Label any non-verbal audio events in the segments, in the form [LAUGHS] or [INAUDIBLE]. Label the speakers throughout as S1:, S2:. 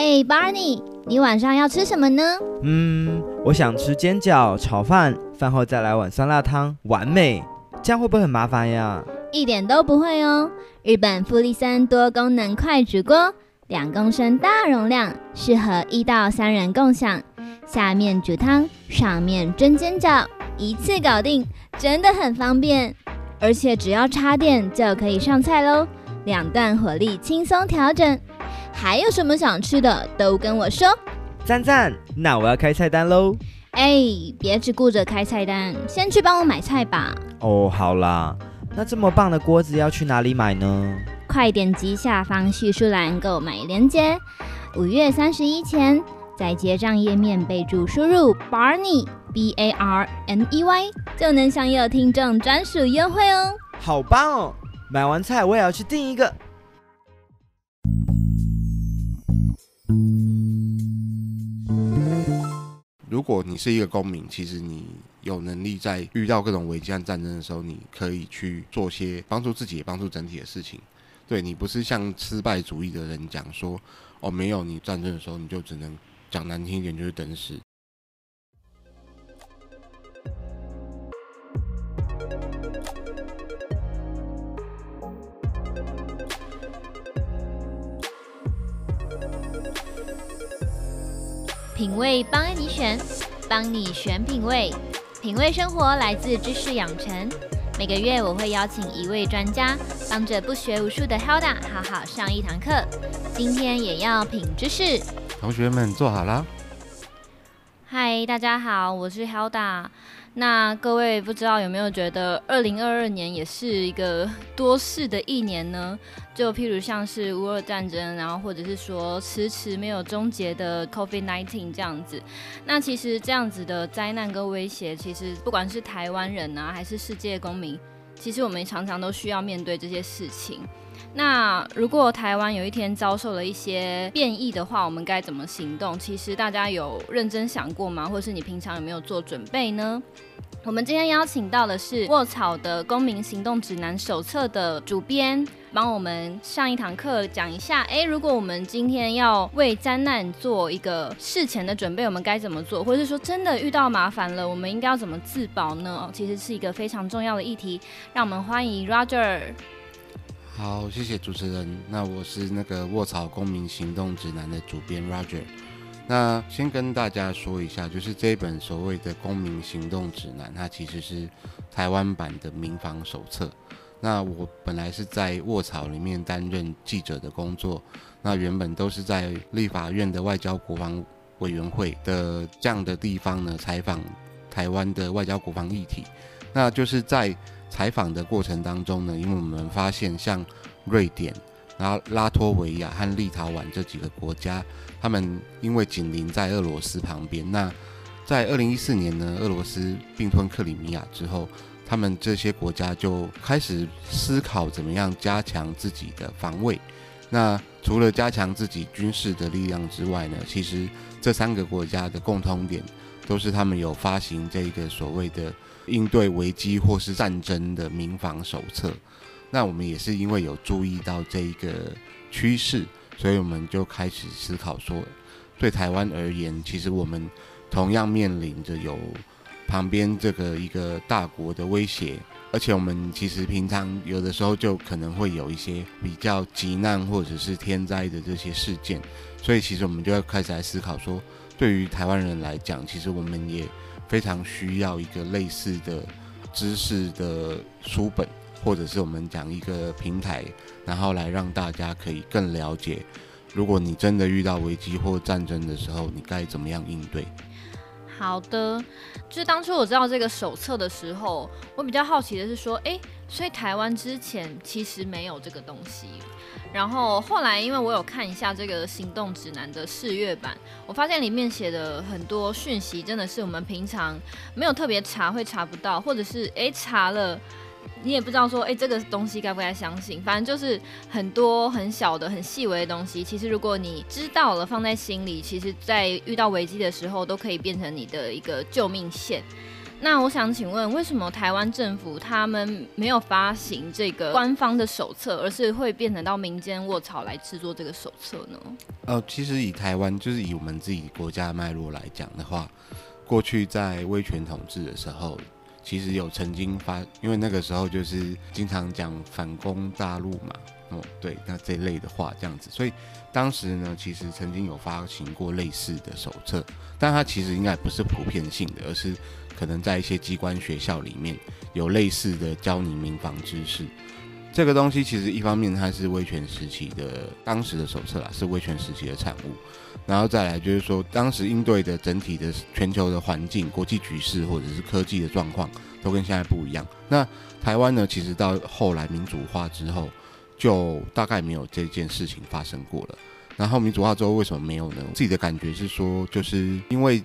S1: 哎、欸、Barney，你晚上要吃什麼呢？嗯，我想吃煎餃、炒飯，飯後再來碗酸辣湯，完美。這樣會不會很麻煩呀？一點都不會哦。日本富力森多功能快煮鍋，兩公升大容量，適合一到三人共享。下面煮湯，上面蒸煎餃，一次搞定，真的很方便。而且只要插電就可以上菜嘍，兩段火力輕鬆調整。還有什麼想吃的，都跟我說。讚讚，那我要開菜單嘍。哎、欸，別只顧着開菜單，先去幫我買菜吧。哦，好啦，那這麼棒的鍋子要去哪裡買呢？快點擊下方敘述欄購買鏈接，五月三十一前在結賬頁面備註輸入 Barney B A R N E Y 就能享有聽眾專屬優惠哦。好棒哦！買完菜我也要去訂一個。
S2: 如果你是一個公民，其實你有能力在遇到各種危機和戰爭的時候，你可以去做些幫助自己也幫助整體的事情。對，你不是像失敗主義的人講說，哦，沒有你戰爭的時候，你就只能講難聽一點，就是等死。
S1: 品味幫你選，幫你選品味，品味生活來自知識養成。每個月我會邀請一位專家，幫着不學無術的 Hilda 好好上一堂課。今天也要品知識，
S2: 同學們坐好啦！
S3: 嗨，大家好，我是 Hilda。那各位不知道有沒有覺得，二零二二年也是一個多事的一年呢？就譬如像是烏俄戰爭，然後或者是說遲遲沒有終結的 COVID-19 這樣子。那其實這樣子的災難跟威脅，其實不管是台灣人啊，還是世界公民，其實我們常常都需要面對這些事情。那如果台灣有一天遭受了一些變異的話，我們該怎麼行動？其實大家有認真想過嗎？或是你平常有沒有做準備呢？我們今天邀請到的是沃草的《公民行動指南手冊》的主編，幫我們上一堂課，講一下：哎、欸，如果我們今天要為災難做一個事前的準備，我們該怎麼做？或者說真的遇到麻煩了，我們應該要怎麼自保呢、哦？其實是一個非常重要的議題。讓我們歡迎 Roger。
S2: 好，謝謝主持人。那我是那個《沃草公民行動指南》的主編 Roger。那先跟大家說一下，就是這本所謂的《公民行動指南》，它其實是台灣版的《民防手冊》。那我本來是在《沃草》裡面擔任記者的工作，那原本都是在立法院的外交國防委員會的這樣的地方呢，採訪台灣的外交國防議題。那就是在。採訪的過程當中呢，因為我們發現，像瑞典、然後拉脫維亞和立陶宛這幾個國家，他們因為緊鄰在俄羅斯旁邊，那在二零一四年呢，俄羅斯併吞克里米亞之後，他們這些國家就開始思考怎麼樣加強自己的防衛。那除了加強自己軍事的力量之外呢，其實這三個國家的共通點都是他們有發行這個所謂的。應對危機或是戰爭的民防手冊，那我們也是因為有注意到這一個趨勢，所以我們就開始思考說，對台灣而言，其實我們同樣面臨着有旁邊這個一個大國的威脅，而且我們其實平常有的時候就可能會有一些比較急難或者是天災的這些事件，所以其實我們就要開始來思考說，對於台灣人來講，其實我們也。非常需要一個類似的知識的書本，或者是我們講一個平台，然後來讓大家可以更了解，如果你真的遇到危機或戰爭的時候，你該怎麼樣應對？
S3: 好的，就是當初我知道這個手冊的時候，我比較好奇的是說，欸，所以台灣之前其實沒有這個東西。然後後來，因為我有看一下這個行動指南的試閱版，我發現裡面寫的很多訊息，真的是我們平常沒有特別查會查不到，或者是誒，查了，你也不知道說，誒，這個東西該不該相信。反正就是很多很小的、很細微的東西，其實如果你知道了放在心裡，其實在遇到危機的時候都可以變成你的一個救命線。那我想請問，為什麼台灣政府他們沒有發行這個官方的手冊，而是會變成到民間沃草來制作這個手冊呢？哦、
S2: 呃，其實以台灣就是以我們自己國家脈絡來講的話，過去在威權統治的時候，其實有曾經發，因為那個時候就是經常講反攻大陸嘛。哦，對，那這類的話這樣子，所以當時呢，其實曾經有發行過類似的手冊，但它其實應該不是普遍性的，而是可能在一些機關學校裡面有類似的教你民防知識。這個東西其實一方面它是威權時期的當時的手冊啦，是威權時期的產物，然後再來就是說，當時應對的整體的全球的環境、國際局勢或者是科技的狀況都跟現在不一樣。那台灣呢，其實到後來民主化之後。就大概沒有這件事情發生過了。然後民主化之後為什麼沒有呢？自己的感覺是說，就是因為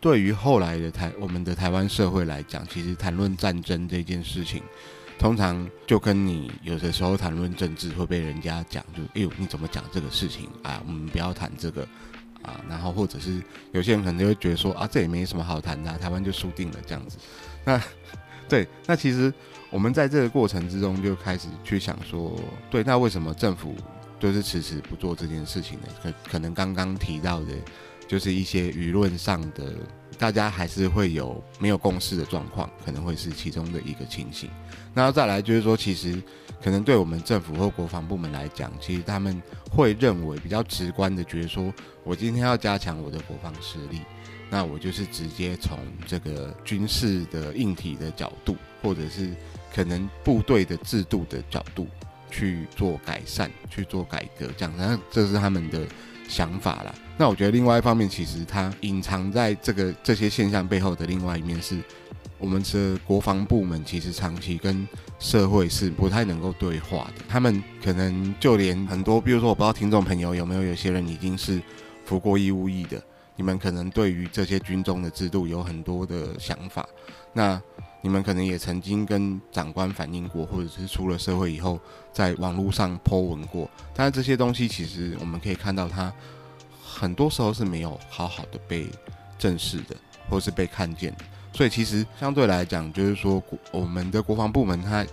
S2: 對於後來的台我們的台灣社會來講，其實談論戰爭這件事情，通常就跟你有的時候談論政治會被人家講，就哎、欸、呦你怎麼講這個事情啊、哎？我們不要談這個啊。然後或者是有些人可能就會覺得說啊，這也沒什麼好談的、啊，台灣就輸定了這樣子。那對，那其實。我們在這個過程之中就開始去想說，對，那為什麼政府就是遲遲不做這件事情呢？可可能剛剛提到的，就是一些輿論上的，大家還是會有沒有共識的狀況，可能會是其中的一個情形。那再來就是說，其實可能對我們政府或國防部門來講，其實他們會認為比較直觀的覺得說，我今天要加強我的國防實力。那我就是直接從這個軍事的硬體的角度，或者是可能部隊的制度的角度去做改善，去做改革這樣，然後這是他們的想法啦。那我覺得另外一方面，其實它隱藏在這個這些現象背後的另外一面是，我們的國防部門其實長期跟社會是不太能夠對話的。他們可能就連很多，比如說我不知道聽眾朋友有沒有，有些人已經是服過義務役的。你們可能對於這些軍中的制度有很多的想法，那你們可能也曾經跟長官反映過，或者是出了社會以後在網絡上 Po 文過。但這些東西其實我們可以看到，它很多時候是沒有好好的被正視的，或是被看見。所以其實相對來講，就是說我們的國防部門它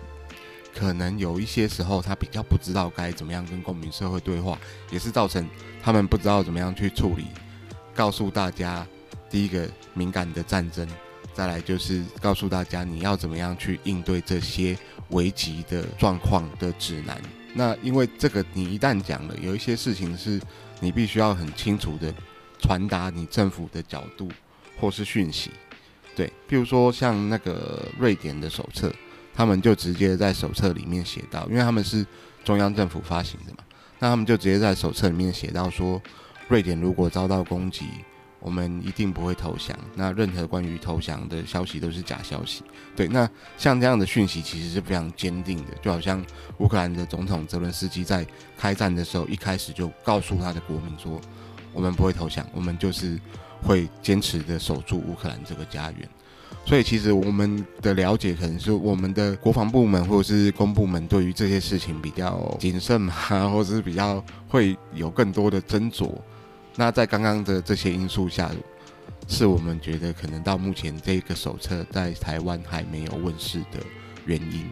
S2: 可能有一些時候它比較不知道該怎麼樣跟公民社會對話，也是造成他們不知道怎麼樣去處理。告訴大家，第一個敏感的戰爭，再來就是告訴大家你要怎麼樣去應對這些危急的狀況的指南。那因為這個你一旦講了，有一些事情是你必須要很清楚的傳達你政府的角度或是訊息。對，譬如說像那個瑞典的手冊，他們就直接在手冊裡面寫到，因為他們是中央政府發行的嘛，那他們就直接在手冊裡面寫到說。瑞典如果遭到攻擊，我們一定不會投降。那任何關於投降的消息都是假消息。對，那像這樣的訊息其實是非常堅定的，就好像烏克蘭的總統澤倫斯基在開戰的時候一開始就告訴他的國民說：“我們不會投降，我們就是會堅持的守住烏克蘭這個家園。”所以，其實我們的了解可能是我們的國防部門或者是公部門對於這些事情比較謹慎嘛，或者是比較會有更多的斟酌。那在剛剛的這些因素下，是我們覺得可能到目前這個手冊在台灣還沒有問世的原因。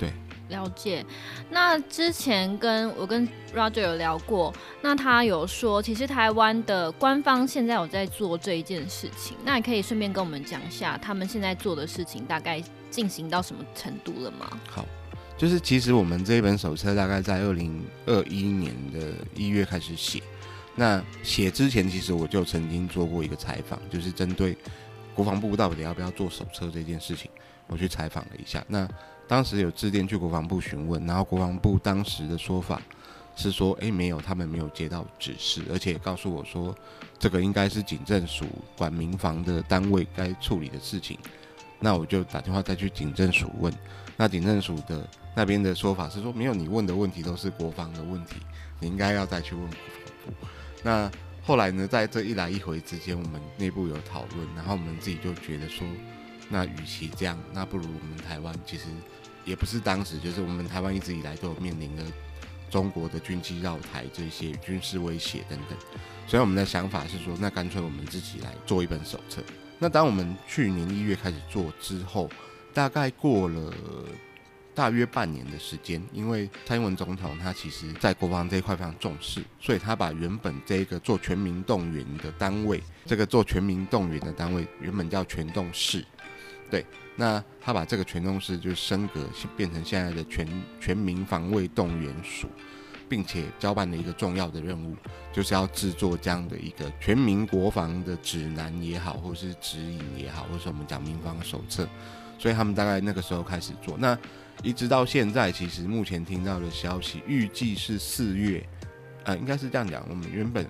S2: 對，
S3: 了解。那之前跟我跟 Roger 有聊過，那他有說，其實台灣的官方現在有在做這一件事情。那也可以順便跟我們講一下，他們現在做的事情大概進行到什麼程度了嗎？
S2: 好，就是其實我們這一本手冊大概在二零二一年的一月開始寫。那寫之前，其實我就曾經做過一個採訪，就是針對國防部到底要不要做手冊這件事情，我去採訪了一下。那當時有致電去國防部詢問，然後國防部當時的說法是說，誒、欸，沒有，他們沒有接到指示，而且告訴我說，這個應該是警政署管民防的單位該處理的事情。那我就打電話再去警政署問，那警政署的那邊的說法是說，沒有，你問的問題都是國防的問題，你應該要再去問國防部。那後來呢，在這一來一回之間，我們內部有討論，然後我們自己就覺得說，那與其這樣，那不如我們台灣其實也不是當時，就是我們台灣一直以來都有面臨的中國的軍機繞台這些軍事威脅等等。所以我們的想法是說，那乾脆我們自己來做一本手冊。那當我們去年一月開始做之後，大概過了。大約半年的時間，因為蔡英文總統他其實，在國防這一塊非常重視，所以他把原本這個做全民動員的單位，這個做全民動員的單位原本叫全動室，對，那他把這個全動室就升格變成現在的全全民防衛動員署，並且交辦了一個重要的任務，就是要製作這樣的一個全民國防的指南也好，或是指引也好，或是我們講民防手冊，所以他們大概那個時候開始做那，一直到現在，其實目前聽到的消息，預計是四月，啊，應該是這樣講。我們原本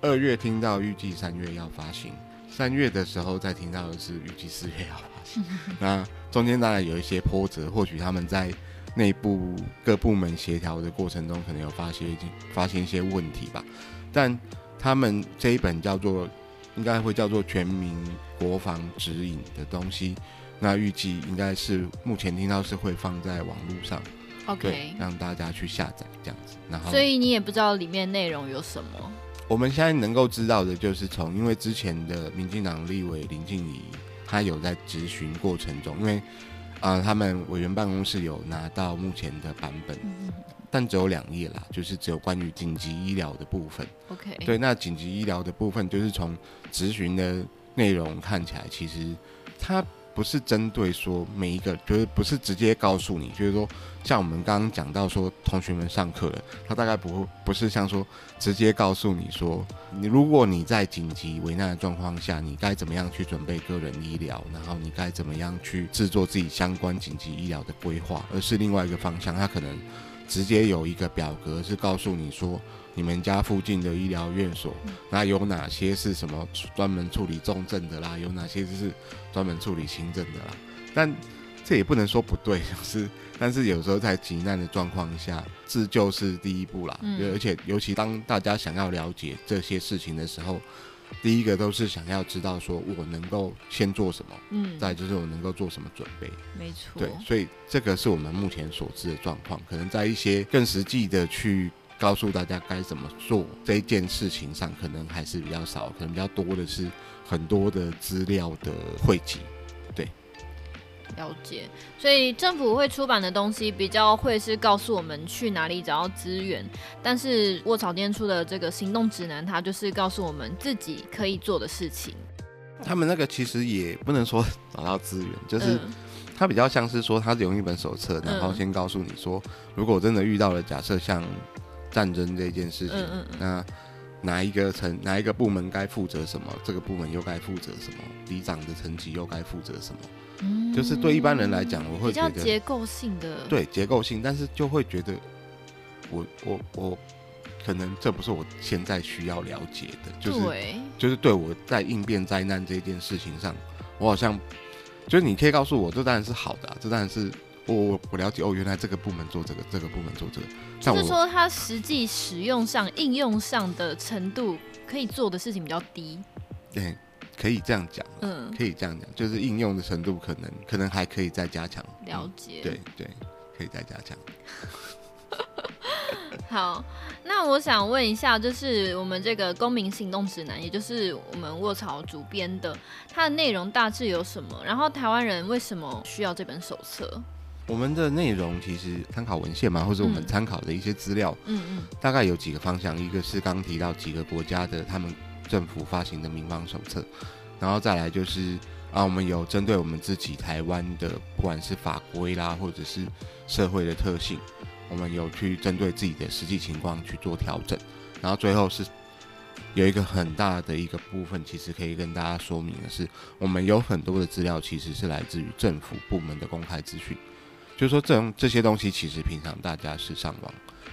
S2: 二月聽到預計三月要發行，三月的時候再聽到的是預計四月要發行。 [LAUGHS] 那中間大概有一些波折，或許他們在內部各部門協調的過程中，可能有發現一些發現一些問題吧。但他們這一本叫做，應該會叫做《全民國防指引》的東西。那預計應該是目前聽到是會放在網絡上，OK，讓大家去下載這樣子。然後，所以
S3: 你也不知道裡面內容有什麼。
S2: 我們現在能夠知道的就是從，因為之前的民進黨立委林靜儀，他有在質詢過程中，因為啊、呃，他們委員辦公室有拿到目前的版本，嗯、但只有兩頁啦，就是只有關於緊急醫療的部分。OK，對，那緊急醫療的部分，就是從質詢的內容看起來，其實他。不是針對說每一個，就是不是直接告訴你，就是說像我們剛剛講到說同學們上課了，他大概不會不是像說直接告訴你說，你如果你在緊急危難的狀況下，你該怎麼樣去準備個人醫療，然後你該怎麼樣去製作自己相關緊急醫療的規劃，而是另外一個方向，他可能直接有一個表格是告訴你說。你們家附近的醫療院所，那有哪些是什麼專門處理重症的啦，有哪些就是專門處理輕症的啦？但這也不能說不對，就是但是有時候在急難的狀況下，自救是第一步啦。嗯，而且尤其當大家想要了解這些事情的時候，第一個都是想要知道說我能夠先做什麼，嗯，再就是我能夠做什麼準備。沒錯。對，所以這個是我們目前所知的狀況。可能在一些更實際的去。告訴大家該怎麼做這件事情上，可能還是比較少，可能比較多的是很多的資料的匯集，對，
S3: 了解。所以政府會出版的東西比較會是告訴我們去哪裡找到資源，但是沃草編出的這個行動指南，它就是告訴我們自己可以做的事情。
S2: 他們那個其實也不能說找到資源，就是它比較像是說，它用一本手冊，然後先告訴你說，如果真的遇到了，假設像。戰爭這件事情，嗯、那哪一個層、哪一個部門該負責什麼？這個部門又該負責什麼？里長的層級又該負責什麼？嗯、就是對一般人來講，我會覺得，比較結構
S3: 性的，對，
S2: 結構性，但是就會覺得我、我、我，可能這不是我現在需要了解的，就是對耶就是對我在應變災難這件事情上，我好像就是你可以告訴我，這當然是好的，啊，這當然是。我我、哦、我了解哦，原來這個部門做這個，這個部門做這個。但就是說，
S3: 它實際使用上、應用上的程度，可以做的事情比較低。
S2: 對，可以這樣講。嗯，可以這樣講，就是應用的程度可能可能還可以再加強。嗯、了解。對對，可以再加強。
S3: [LAUGHS] 好，那我想問一下，就是我們這個《公民行動指南》，也就是我們沃草主編的，它的內容大致有什麼？然後台灣人為什麼需要這本手冊？
S2: 我們的內容其實參考文獻嘛，或者我們參考的一些資料，嗯嗯，大概有幾個方向，一個是剛提到幾個國家的他們政府發行的民防手冊，然後再來就是啊，我們有針對我們自己台灣的，不管是法規啦，或者是社會的特性，我們有去針對自己的實際情況去做調整，然後最後是有一個很大的一個部分，其實可以跟大家說明的是，我們有很多的資料其實是來自於政府部門的公開資訊。就是說，這種這些東西其實平常大家是上網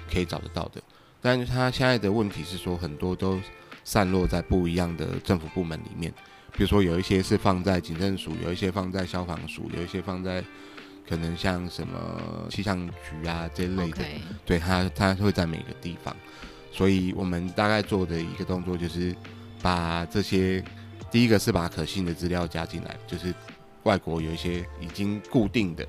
S2: 可以找得到的。但是他現在的問題是說，很多都散落在不一樣的政府部門裡面。比如說，有一些是放在警政署，有一些放在消防署，有一些放在可能像什麼氣象局啊這類的。對，Okay. 對，他他會在每個地方。所以我們大概做的一個動作就是把這些，第一個是把可信的資料加進來，就是外國有一些已經固定的。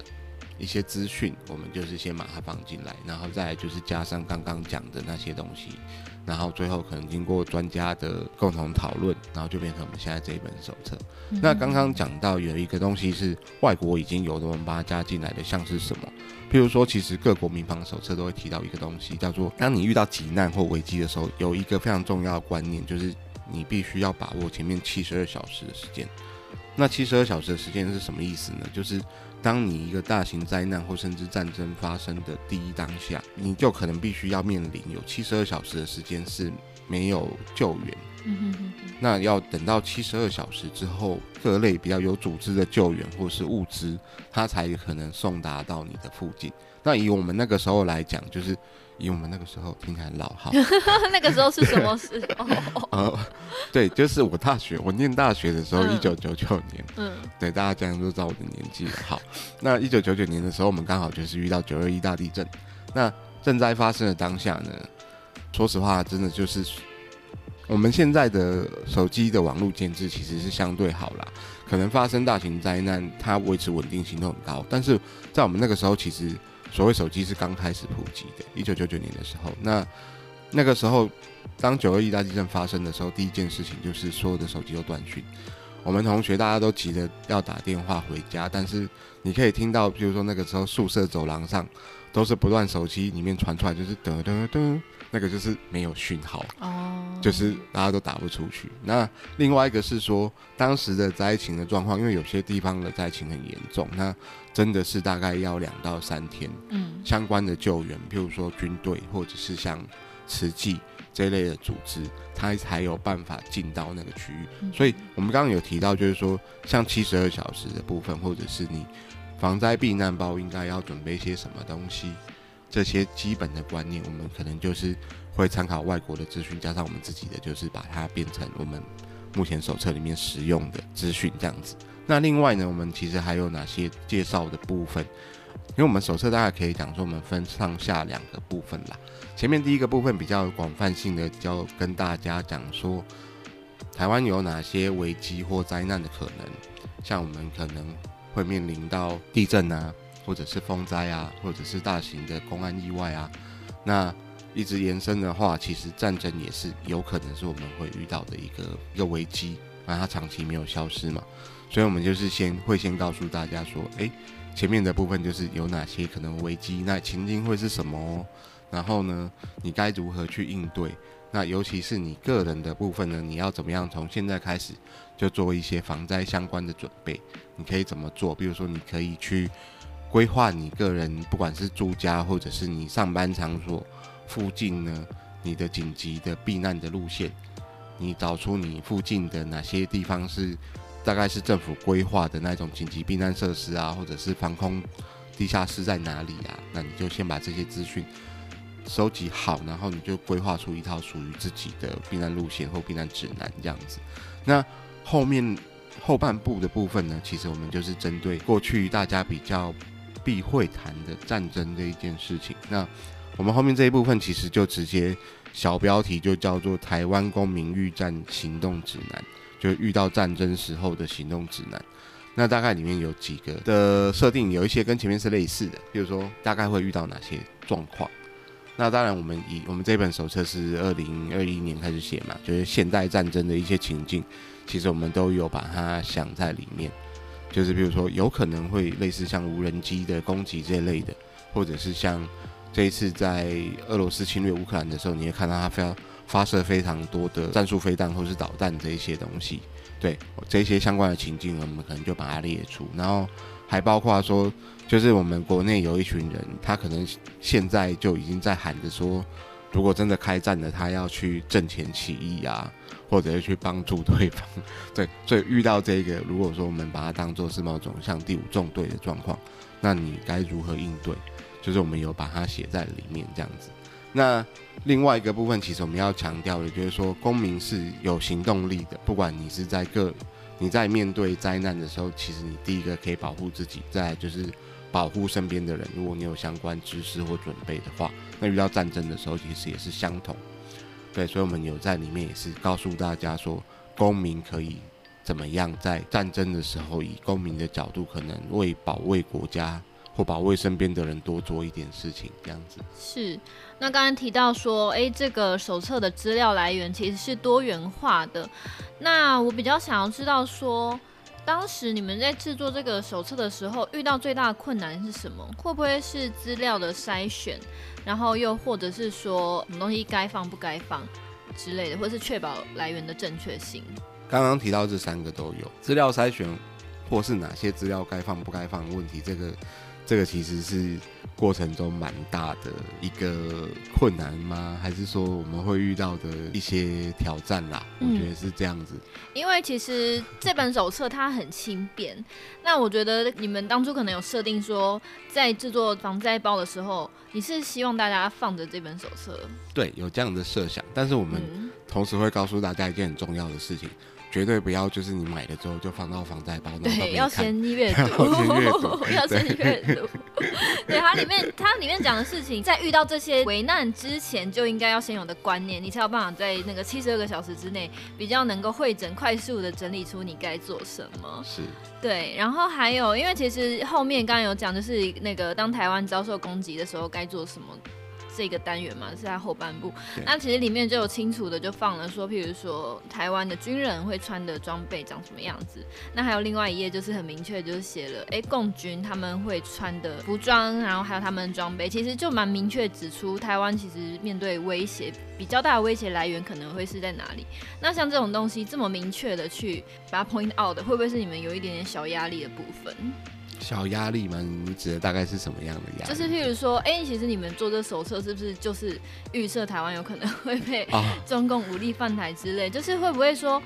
S2: 一些資訊，我們就是先把它放進來，然後再來，就是加上剛剛講的那些東西，然後最後可能經過專家的共同討論，然後就變成我們現在這一本手冊。嗯嗯嗯、那剛剛講到有一個東西是外國已經有的，我們把它加進來的，像是什麼？比如說，其實各國民防手冊都會提到一個東西，叫做當你遇到急難或危機的時候，有一個非常重要的觀念，就是你必須要把握前面七十二小時的時間。那七十二小時的時間是什麼意思呢？就是當你一個大型災難或甚至戰爭發生的第一當下，你就可能必須要面臨有七十二小時的時間是沒有救援。嗯哼哼。那要等到七十二小時之後，各類比較有組織的救援或是物資，它才可能送達到你的附近。那以我們那個時候來講，就是。以我們那個時候聽起來老好，
S3: [LAUGHS] 那個時候是什麼時
S2: 候對？ [LAUGHS] 對，就是我大學，我念大學的時候，一九九九年。嗯，對，大家這樣都知道我的年紀。好，那一九九九年的時候，我們剛好就是遇到九二一大地震。那震災發生的當下呢，說實話，真的就是我們現在的手機的網絡建制其實是相對好了，可能發生大型災難，它維持穩定性都很高。但是在我們那個時候，其實。所謂手機是剛開始普及的，一九九九年的時候，那那個時候，當九二一大地震發生的時候，第一件事情就是所有的手機都斷訊，我們同學大家都急着要打電話回家，但是你可以聽到，比如說那個時候宿舍走廊上都是不斷手機裡面傳出來，就是嘚嘚嘚。那個就是沒有訊號，oh. 就是大家都打不出去。那另外一個是說，當時的災情的狀況，因為有些地方的災情很嚴重，那真的是大概要兩到三天，嗯，相關的救援，嗯、譬如說軍隊或者是像慈濟這類的組織，他才有辦法進到那個區域。嗯、所以我們剛剛有提到，就是說像七十二小時的部分，或者是你防災避難包應該要準備些什麼東西。這些基本的觀念，我們可能就是會參考外國的資訊，加上我們自己的，就是把它變成我們目前手冊裡面使用的資訊這樣子。那另外呢，我們其實還有哪些介紹的部分？因為我們手冊大概可以講說，我們分上下兩個部分啦。前面第一個部分比較廣泛性的，就跟大家講說台灣有哪些危機或災難的可能，像我們可能會面臨到地震啊。或者是風災啊，或者是大型的公安意外啊，那一直延伸的話，其實戰爭也是有可能是我們會遇到的一個一個危機，那它長期沒有消失嘛，所以我們就是先會先告訴大家說，誒，前面的部分就是有哪些可能危機，那情境會是什麼哦，然後呢，你該如何去應對？那尤其是你個人的部分呢，你要怎麼樣從現在開始就做一些防災相關的準備？你可以怎麼做？比如說你可以去。規劃你個人，不管是住家或者是你上班場所附近呢，你的緊急的避難的路線，你找出你附近的哪些地方是大概是政府規劃的那種緊急避難設施啊，或者是防空地下室在哪裡啊？那你就先把這些資訊收集好，然後你就規劃出一套屬於自己的避難路線或避難指南這樣子。那後面後半部的部分呢，其實我們就是針對過去大家比較必會談的戰爭這一件事情，那我們後面這一部分其實就直接小標題就叫做《台灣公民遇戰行動指南》，就遇到戰爭時候的行動指南。那大概裡面有幾個的設定，有一些跟前面是類似的，比如說大概會遇到哪些狀況。那當然，我們以我們這本手冊是二零二一年開始寫嘛，就是現代戰爭的一些情境，其實我們都有把它想在裡面。就是比如說，有可能會類似像無人機的攻擊這一類的，或者是像這一次在俄羅斯侵略烏克蘭的時候，你會看到它非常發射非常多的戰術飛彈或是導彈這一些東西。對，這些相關的情境，我們可能就把它列出，然後還包括說，就是我們國內有一群人，他可能現在就已經在喊着說。如果真的開戰了，他要去陣前起義啊，或者是去幫助對方。對，所以遇到這個，如果說我們把它當做是某種像第五縱隊的狀況，那你該如何應對？就是我們有把它寫在裡面這樣子。那另外一個部分，其實我們要強調的，就是說公民是有行動力的。不管你是在各你在面對災難的時候，其實你第一個可以保護自己，再來就是。保護身邊的人，如果你有相關知識或準備的話，那遇到戰爭的時候其實也是相同。對，所以我們有在裡面也是告訴大家說，公民可以怎麼樣在戰爭的時候以公民的角度，可能為保衛國家或保衛身邊的人多做一點事情，這樣子。
S3: 是。那剛才提到說，誒、欸，這個手冊的資料來源其實是多元化的。那我比較想要知道說。當時你們在制作這個手冊的時候，遇到最大的困難是什麼？會不會是資料的篩選，然後又或者是說什麼東西該放不該放之類的，或是確保來源的正確性？
S2: 剛剛提到這三個都有，資料篩選，或是哪些資料該放不該放的問題，這個。這個其實是過程中蠻大的一個困難嗎？還是說我們會遇到的一些挑戰啦？嗯、我覺得是這樣子。
S3: 因為其實這本手冊它很輕便， [LAUGHS] 那我覺得你們當初可能有設定說，在制作防災包的時候，你是希望大家放着這本手冊。
S2: 對，有這樣的設想。但是我們、嗯、同時會告訴大家一件很重要的事情。絕對不要，就是你買了之後就放到防災包。對，要先閱讀，要先
S3: 閱讀，哦、對要先
S2: 閱讀。對它 [LAUGHS] 裡面，
S3: 它裡面講的事情，在遇到這些危難之前，就應該要先有的觀念，你才有辦法在那個七十二個小時之內，比較能夠匯整，快速的整理出你該做什麼。是，對，然後還有，因為其實後面剛剛有講，就是那個當台灣遭受攻擊的時候該做什麼。這個單元嘛是在後半部，對那其實裡面就有清楚的就放了說，譬如說台灣的軍人會穿的裝備長什麼樣子，那還有另外一頁就是很明確就是寫了，哎、欸，共軍他們會穿的服裝，然後還有他們的裝備，其實就蠻明確指出台灣其實面對威脅比較大的威脅來源可能會是在哪裡。那像這種東西這麼明確的去把它 point out 的，會不會是你們有一點點小壓力的部分？
S2: 小壓力嘛，你指的大概是什麼樣的壓力？就是
S3: 譬如說，哎、欸，其實你們做這手冊是不是就是預測台灣有可能會被、啊、中共武力犯台之類？就是會不會說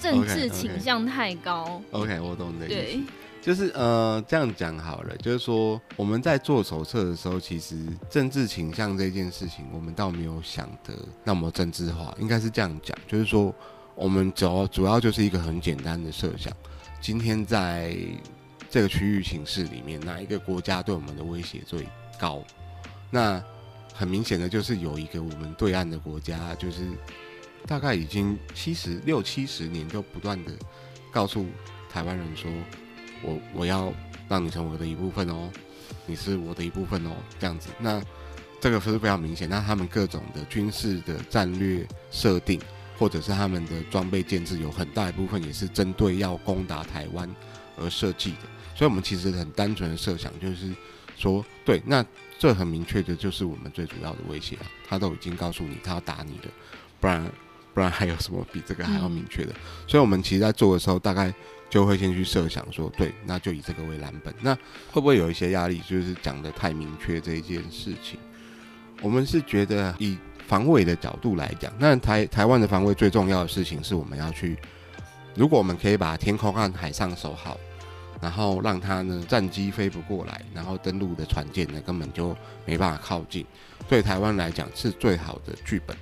S3: 政治傾向太高 okay,
S2: okay.？OK，我懂你意思。對就是呃這樣講好了。就是說我們在做手冊的時候，其實政治傾向這件事情，我們倒沒有想得那麼政治化。應該是這樣講，就是說我們主要主要就是一個很簡單的設想，今天在。這個區域形勢裡面，哪一個國家對我們的威脅最高？那很明顯的就是有一個我們對岸的國家，就是大概已經七十，六七十年，就不斷的告訴台灣人說：“我我要讓你成為我的一部分哦，你是我的一部分哦。”這樣子，那這個是非常明顯。那他們各種的軍事的戰略設定，或者是他們的裝備建制，有很大一部分也是針對要攻打台灣而設計的。所以，我們其實很單純的設想，就是說，對，那這很明確的，就是我們最主要的威脅啊。他都已經告訴你，他要打你的，不然，不然還有什麼比這個還要明確的？嗯。所以，我們其實在做的時候，大概就會先去設想說，對，那就以這個為藍本。那會不會有一些壓力，就是講得太明確這一件事情？我們是覺得以防衛的角度來講，那台台灣的防衛最重要的事情，是我們要去，如果我們可以把天空和海上守好。然後讓他呢，戰機飛不過來，然後登陸的船艦呢，根本就沒辦法靠近。對台灣來講是最好的劇本，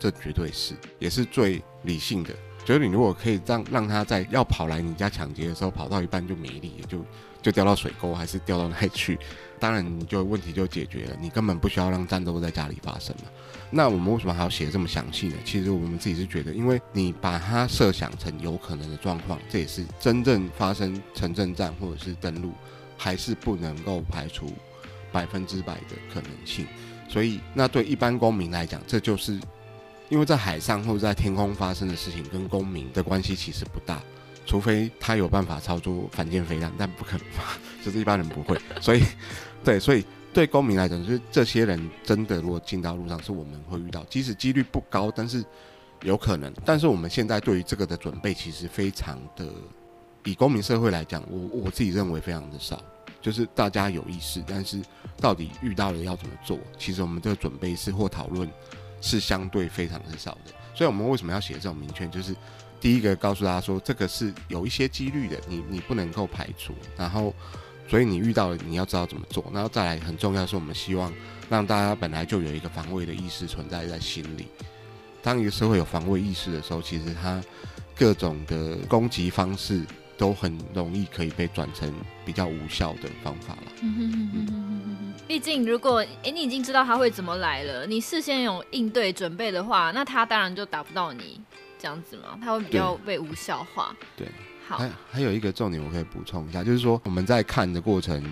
S2: 這絕對是，也是最理性的。就是你如果可以讓讓他在要跑來你家搶劫的時候，跑到一半就沒力了，就就掉到水溝，還是掉到那去，當然你就問題就解決了，你根本不需要讓戰鬥在家裡發生了。那我們為什麼還要寫得這麼詳細呢？其實我們自己是覺得，因為你把它設想成有可能的狀況，這也是真正發生城鎮戰或者是登陸，還是不能夠排除百分之百的可能性。所以，那對一般公民來講，這就是因為在海上或者在天空發生的事情，跟公民的關係其實不大，除非他有辦法操作反艦飛彈，但不可能吧，就是一般人不會。所以，對，所以。對公民來講，就是這些人真的，如果進到路上，是我們會遇到，即使幾率不高，但是有可能。但是我們現在對於這個的準備，其實非常的以公民社會來講，我我自己認為非常的少。就是大家有意識，但是到底遇到了要怎麼做，其實我們這個準備是或討論是相對非常的少的。所以我們為什麼要寫這種明確？就是第一個告訴大家說，這個是有一些幾率的，你你不能夠排除。然後。所以你遇到了，你要知道怎麼做。然後再來，很重要的是，我們希望讓大家本來就有一個防衛的意識存在在心裡。當一個社會有防衛意識的時候，其實它各種的攻擊方式都很容易可以被轉成比較無效的方法了。嗯
S3: 哼、嗯哼、嗯哼、嗯哼。畢竟，如果哎、欸，你已經知道他會怎麼來了，你事先有應對準備的話，那他當然就打不到你這樣子嘛。他會比較被無效化。
S2: 對。對還好還有一個重點，我可以補充一下，就是說我們在看的過程，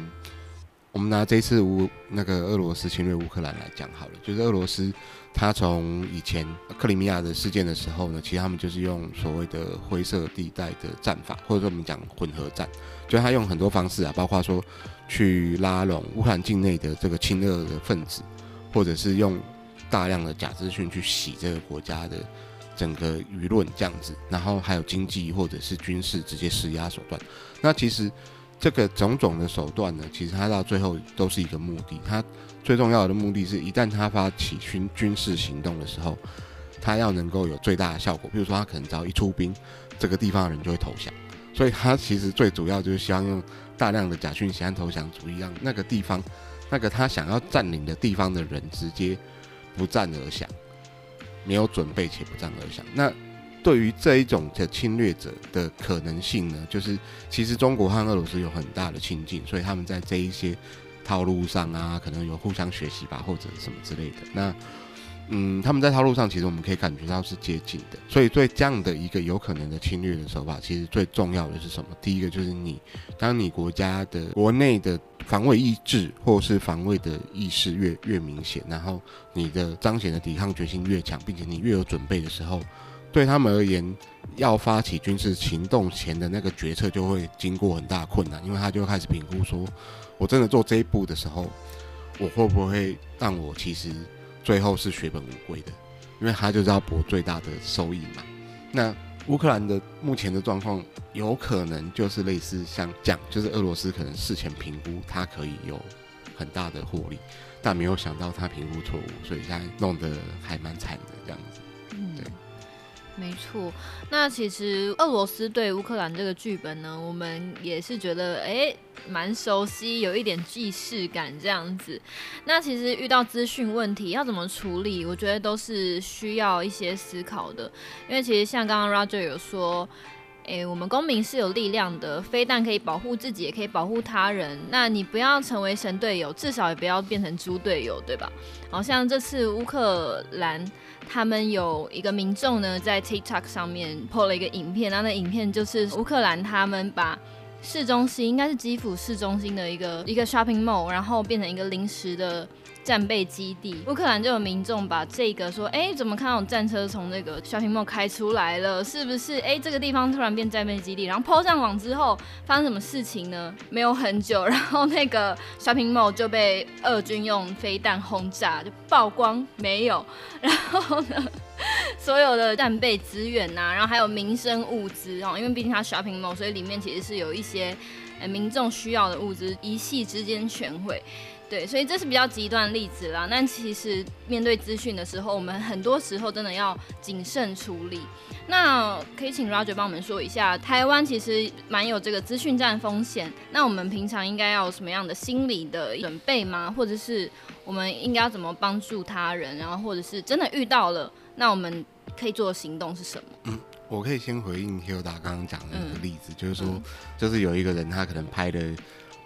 S2: 我們拿這次烏那個俄羅斯侵略烏克蘭來講好了，就是俄羅斯，他從以前克里米亞的事件的時候呢，其實他們就是用所謂的灰色地帶的戰法，或者說我們講混合戰，就是他用很多方式啊，包括說去拉攏烏克蘭境內的這個親俄的分子，或者是用大量的假資訊去洗這個國家的。整個輿論這樣子，然後還有經濟或者是軍事直接施壓手段。那其實這個種種的手段呢，其實它到最後都是一個目的。它最重要的目的是一旦它發起軍軍事行動的時候，它要能夠有最大的效果。比如說，它可能只要一出兵，這個地方的人就會投降。所以它其實最主要就是希望用大量的假訊息和投降主義，讓那個地方、那個他想要占領的地方的人直接不戰而降。沒有準備且不戰而降。那對於這一種的侵略者的可能性呢？就是其實中國和俄羅斯有很大的親近，所以他們在這一些套路上啊，可能有互相學習吧，或者什麼之類的。那嗯，他們在套路上其實我們可以感覺到是接近的。所以對這樣的一個有可能的侵略的手法，其實最重要的是什麼？第一個就是你，當你國家的國內的。防衛意志或是防衛的意識越越明顯，然後你的彰顯的抵抗決心越強，並且你越有準備的時候，對他們而言，要發起軍事行動前的那個決策就會經過很大困難，因為他就會開始評估說，我真的做這一步的時候，我會不會讓我其實最後是血本無歸的，因為他就知道搏最大的收益嘛。那烏克蘭的目前的狀況有可能就是類似像這樣，就是俄羅斯可能事前評估它可以有很大的獲利，但沒有想到他評估錯誤，所以現在弄得還蠻慘的這樣子。嗯，對，
S3: 沒錯。那其實俄羅斯對烏克蘭這個劇本呢，我們也是覺得誒蠻、欸、熟悉，有一點既視感這樣子。那其實遇到資訊問題要怎麼處理，我覺得都是需要一些思考的。因為其實像剛剛 Roger 有說，誒、欸，我們公民是有力量的，非但可以保護自己，也可以保護他人。那你不要成為神隊友，至少也不要變成豬隊友，對吧？好像這次烏克蘭。他們有一個民眾呢，在 TikTok 上面 PO 了一個影片，然後那，那個影片就是烏克蘭他們把市中心，應該是基輔市中心的一個一個 shopping mall，然後變成一個臨時的戰備基地，烏克蘭就有民眾把這個說，哎、欸，怎麼看到戰車從那個 shopping mall 開出來了？是不是？哎、欸，這個地方突然變戰備基地？然後拋上網之後，發生什麼事情呢？沒有很久，然後那個 shopping mall 就被俄軍用飛彈轟炸，就曝光沒有？然後呢，所有的戰備資源吶、啊，然後還有民生物資哦，因為畢竟它 shopping mall，所以裡面其實是有一些呃民眾需要的物資，一夕之間全毀。對，所以這是比較極端的例子啦。但其實面對資訊的時候，我們很多時候真的要謹慎處理。那可以請 Roger 幫我們說一下，台灣其實蠻有這個資訊戰風險。那我們平常應該要有什麼樣的心理的準備嗎？或者是我們應該要怎麼幫助他人？然後或者是真的遇到了，那我們可以做的行動是什麼？嗯，
S2: 我可以先回應 Hilda 剛剛講的那個例子，嗯、就是說，嗯、就是有一個人他可能拍的。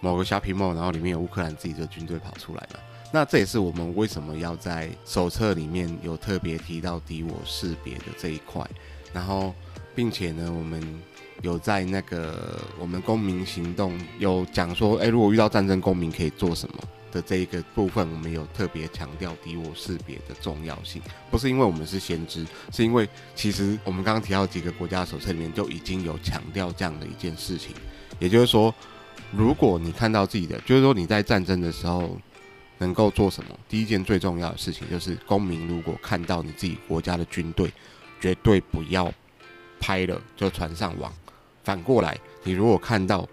S2: 某個 shopping mall，然後裡面有烏克蘭自己的軍隊跑出來了。那這也是我們為什麼要在手冊裡面有特別提到敵我識別的這一塊。然後，並且呢，我們有在那個我們公民行動有講說，誒、欸，如果遇到戰爭，公民可以做什麼的這一個部分，我們有特別強調敵我識別的重要性。不是因為我們是先知，是因為其實我們剛剛提到幾個國家的手冊裡面就已經有強調這樣的一件事情，也就是說。如果你看到自己的，就是說你在戰爭的時候能夠做什麼，第一件最重要的事情就是，公民如果看到你自己國家的軍隊，絕對不要拍了就傳上網。反過來，你如果看到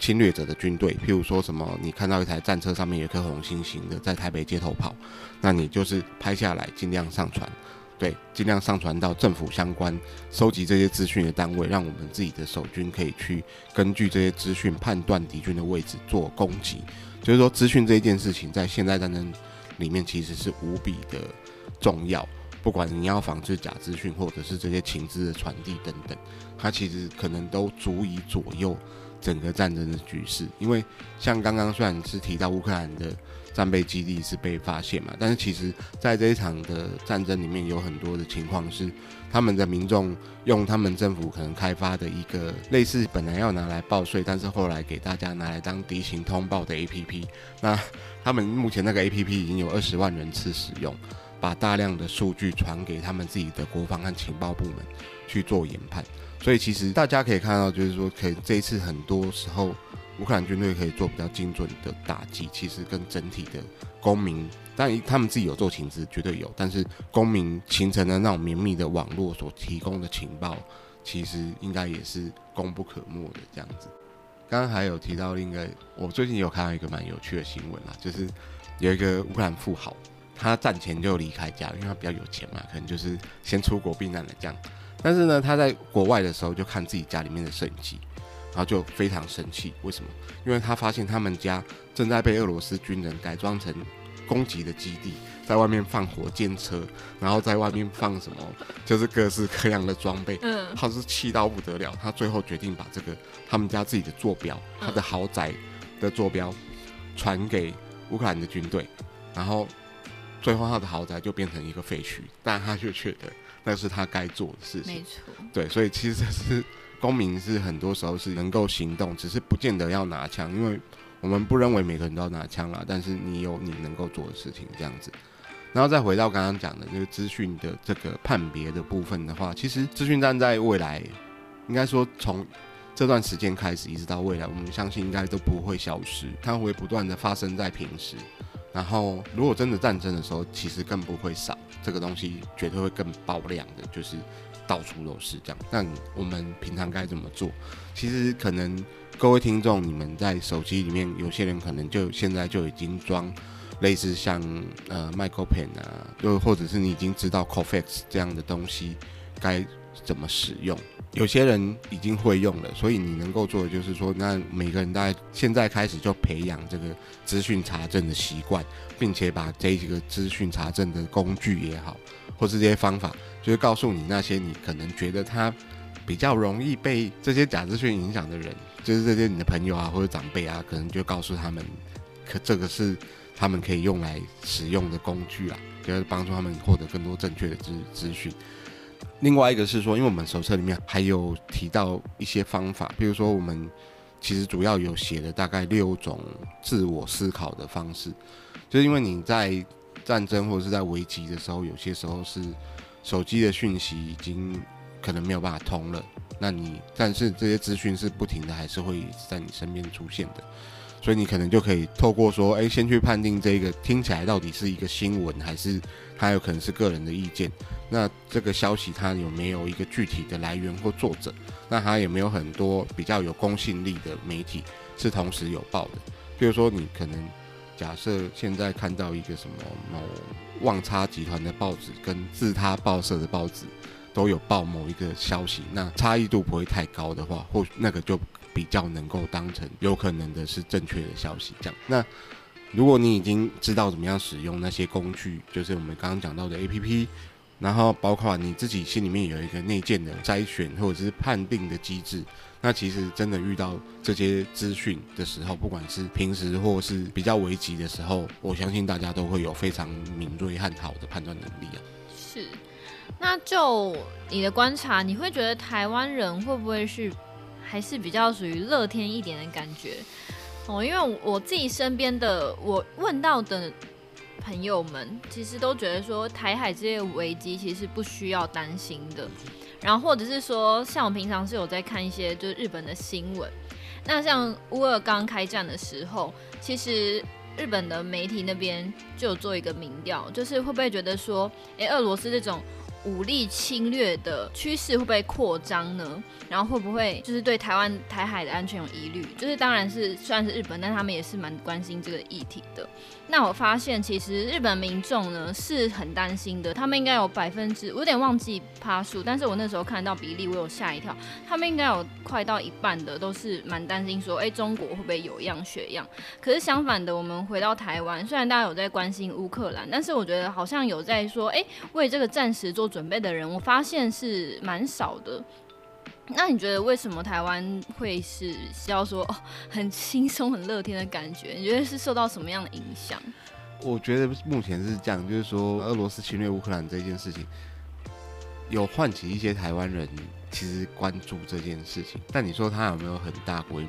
S2: 侵略者的軍隊，譬如說什麼，你看到一台戰車上面有一顆紅星星的在台北街頭跑，那你就是拍下來，盡量上傳。對，盡量上傳到政府相關收集這些資訊的單位，讓我們自己的守軍可以去根據這些資訊判斷敵軍的位置做攻擊。就是說，資訊這一件事情在現代戰爭裡面其實是無比的重要，不管你要防止假資訊，或者是這些情資的傳遞等等，它其實可能都足以左右整個戰爭的局勢。因為像剛剛雖然是提到烏克蘭的。戰備基地是被發現嘛？但是其實，在這一場的戰爭裡面，有很多的情況是，他們的民眾用他們政府可能開發的一個類似本來要拿來報稅，但是後來給大家拿來當敵情通報的 APP。那他們目前那個 APP 已經有二十萬人次使用，把大量的數據傳給他們自己的國防和情報部門去做研判。所以其實大家可以看到，就是說，可能這一次很多時候，烏克蘭軍隊可以做比較精準的打擊，其實跟整體的公民，當然他們自己有做情資，絕對有。但是公民形成的那種綿密的網絡所提供的情報，其實應該也是功不可沒的。這樣子，剛剛還有提到另一個，我最近有看到一個蠻有趣的新聞啦，就是有一個烏克蘭富豪，他戰前就離開家了，因為他比較有錢嘛，可能就是先出國避難了這樣。但是呢，他在國外的時候就看自己家裡面的攝影機。然後就非常生氣，為什麼？因為他發現他們家正在被俄羅斯軍人改裝成攻擊的基地，在外面放火箭車，然後在外面放什麼，就是各式各樣的裝備。嗯，他是氣到不得了，他最後決定把這個他們家自己的坐標，他的豪宅的坐標傳給烏克蘭的軍隊，然後最後他的豪宅就變成一個廢墟，但他卻覺得那是他該做的事情。沒錯，對，所以其實這是。公民是很多時候是能夠行動，只是不見得要拿槍，因為我們不認為每個人都要拿槍啦。但是你有你能夠做的事情這樣子。然後再回到剛剛講的那個資訊的這個判別的部分的話，其實資訊戰在未來，應該說從這段時間開始一直到未來，我們相信應該都不會消失，它會不斷的發生在平時。然後如果真的戰爭的時候，其實更不會少，這個東西絕對會更爆量的，就是。到處都是這樣，那我們平常該怎麼做？其實可能各位聽眾，你們在手機裡面，有些人可能就現在就已經裝類似像呃 MyGoPen 啊，又或者是你已經知道 Cofacts 這樣的東西該怎麼使用，有些人已經會用了。所以你能夠做的就是說，那每個人大概現在開始就培養這個資訊查證的習慣，並且把這幾個資訊查證的工具也好。或是這些方法，就是告訴你那些你可能覺得他比較容易被這些假資訊影響的人，就是這些你的朋友啊、或者長輩啊，可能就告訴他們，可這個是他們可以用來使用的工具啊，就是幫助他們獲得更多正確的資資訊。另外一個是說，因為我們手冊裡面還有提到一些方法，譬如說我們其實主要有寫了大概六種自我思考的方式，就是因為你在。戰爭或者是在危機的時候，有些時候是手機的訊息已經可能沒有辦法通了。那你但是這些資訊是不停的，還是會在你身邊出現的。所以你可能就可以透過說，哎、欸，先去判定這個聽起來到底是一個新聞，還是還有可能是個人的意見。那這個消息它有沒有一個具體的來源或作者？那它有沒有很多比較有公信力的媒體是同時有報的？譬如說你可能。假設現在看到一個什麼某旺差集團的報紙跟自他報社的報紙都有報某一個消息，那差異度不會太高的話，或許那個就比較能夠當成有可能的是正確的消息。這樣，那如果你已經知道怎麼樣使用那些工具，就是我們剛剛講到的 APP，然後包括你自己心裡面有一個內建的篩選或者是判定的機制。那其實真的遇到這些資訊的時候，不管是平時或是比較危急的時候，我相信大家都會有非常敏銳和好的判斷能力啊。
S3: 是，那就你的觀察，你會覺得台灣人會不會是還是比較屬於樂天一點的感覺？哦，因為我自己身邊的我問到的朋友們，其實都覺得說台海這些危機其實不需要擔心的。然後，或者是說，像我平常是有在看一些就是日本的新聞。那像烏俄剛剛開戰的時候，其實日本的媒體那邊就有做一個民調，就是會不會覺得說，誒，俄羅斯這種武力侵略的趨勢會不會擴張呢？然後會不會就是對台灣台海的安全有疑慮？就是當然是算是日本，但他們也是蠻關心這個議題的。那我發現，其實日本民眾呢是很擔心的，他們應該有百分之，我有點忘記趴數，但是我那時候看到比例，我有嚇一跳，他們應該有快到一半的都是蠻擔心，說，誒、欸，中國會不會有樣學樣？可是相反的，我們回到台灣，雖然大家有在關心烏克蘭，但是我覺得好像有在說，誒、欸，為這個戰時做準備的人，我發現是蠻少的。那你覺得為什麼台灣會是需要說很輕鬆很樂天的感覺？你覺得是受到什麼樣的影響？
S2: 我覺得目前是這樣，就是說俄羅斯侵略烏克蘭這件事情，有喚起一些台灣人其實關注這件事情。但你說他有沒有很大規模，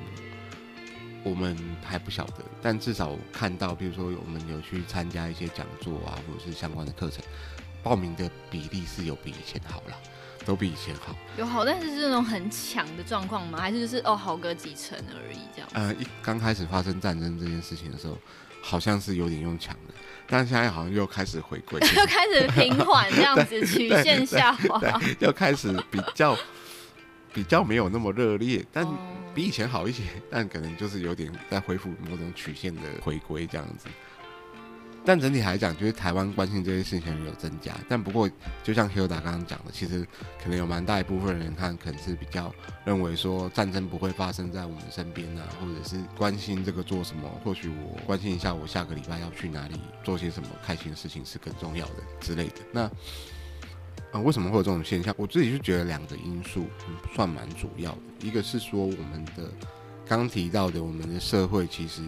S2: 我們還不曉得。但至少看到，比如說我們有去參加一些講座啊，或者是相關的課程，報名的比例是有比以前好了。都比以前好，
S3: 有好，但是是那種很強的狀況嗎？還是就是哦，好個幾成而已這樣？
S2: 呃，一剛開始發生戰爭這件事情的時候，好像是有點用搶的，但現在好像又開始回歸，又 [LAUGHS] 開始平緩，這樣子 [LAUGHS] 對曲線下滑，又開始比較 [LAUGHS] 比較沒有那麼熱烈，但比以前好一些，但可能就是有點在恢復某種曲線的回歸這樣子。但整體來講，就是台灣關心這些事情很有增加。但不過，就像 Hilda 剛剛講的，其實可能有蠻大一部分的人，他可能是比較認為說戰爭不會發生在我們身邊啊，或者是關心這個做什麼？或許我關心一下，我下個禮拜要去哪裡做些什麼開心的事情是更重要的之類的。那呃，為什麼會有這種現象？我自己就覺得兩個因素算蠻主要的，一個是說我們的剛提到的，我們的社會其實。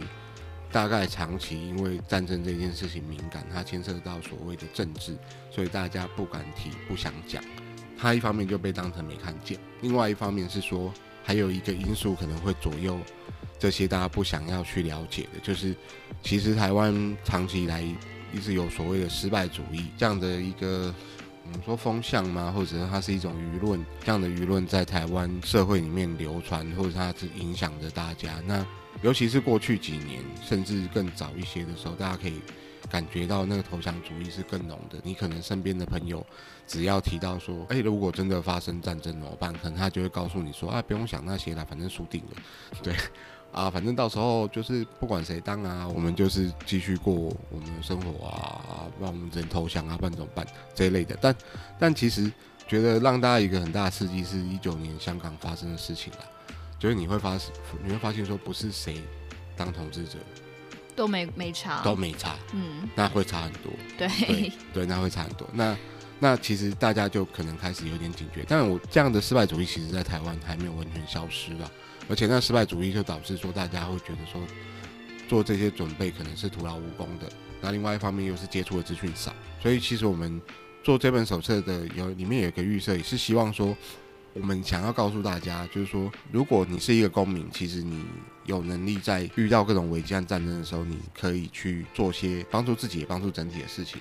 S2: 大概長期因為戰爭這件事情敏感，它牽涉到所謂的政治，所以大家不敢提、不想講。它一方面就被當成沒看見，另外一方面是說，還有一個因素可能會左右這些大家不想要去了解的，就是其實台灣長期以來一直有所謂的失敗主義這樣的一個，嗯，說風向嘛，或者是它是一種輿論，這樣的輿論在台灣社會裡面流傳，或者是它是影響着大家。那尤其是過去幾年，甚至更早一些的時候，大家可以感覺到那個投降主義是更濃的。你可能身邊的朋友，只要提到說，哎、欸，如果真的發生戰爭怎麼辦？可能他就會告訴你說，啊，不用想那些了，反正輸定了。對，啊，反正到時候就是不管誰當啊，我們就是繼續過我們的生活啊，讓我們人投降啊，不然怎麼辦？這一類的。但但其實覺得讓大家一個很大的刺激是，一九年香港發生的事情了。所以你會發現，你會發現說不是誰當統治者
S3: 都沒沒差，都沒
S2: 差，嗯，那會差很多，對對，對，那會差很多。那那其實大家就可能開始有點警覺。但我這樣的失敗主義，其實在台灣還沒有完全消失的啊。而且那失敗主義就導致說大家會覺得說做這些準備可能是徒勞無功的。那另外一方面又是接觸的資訊少，所以其實我們做這本手冊的有裡面有一個預設，也是希望說。我們想要告訴大家，就是說，如果你是一個公民，其實你有能力在遇到各種危機和戰爭的時候，你可以去做些幫助自己也幫助整體的事情。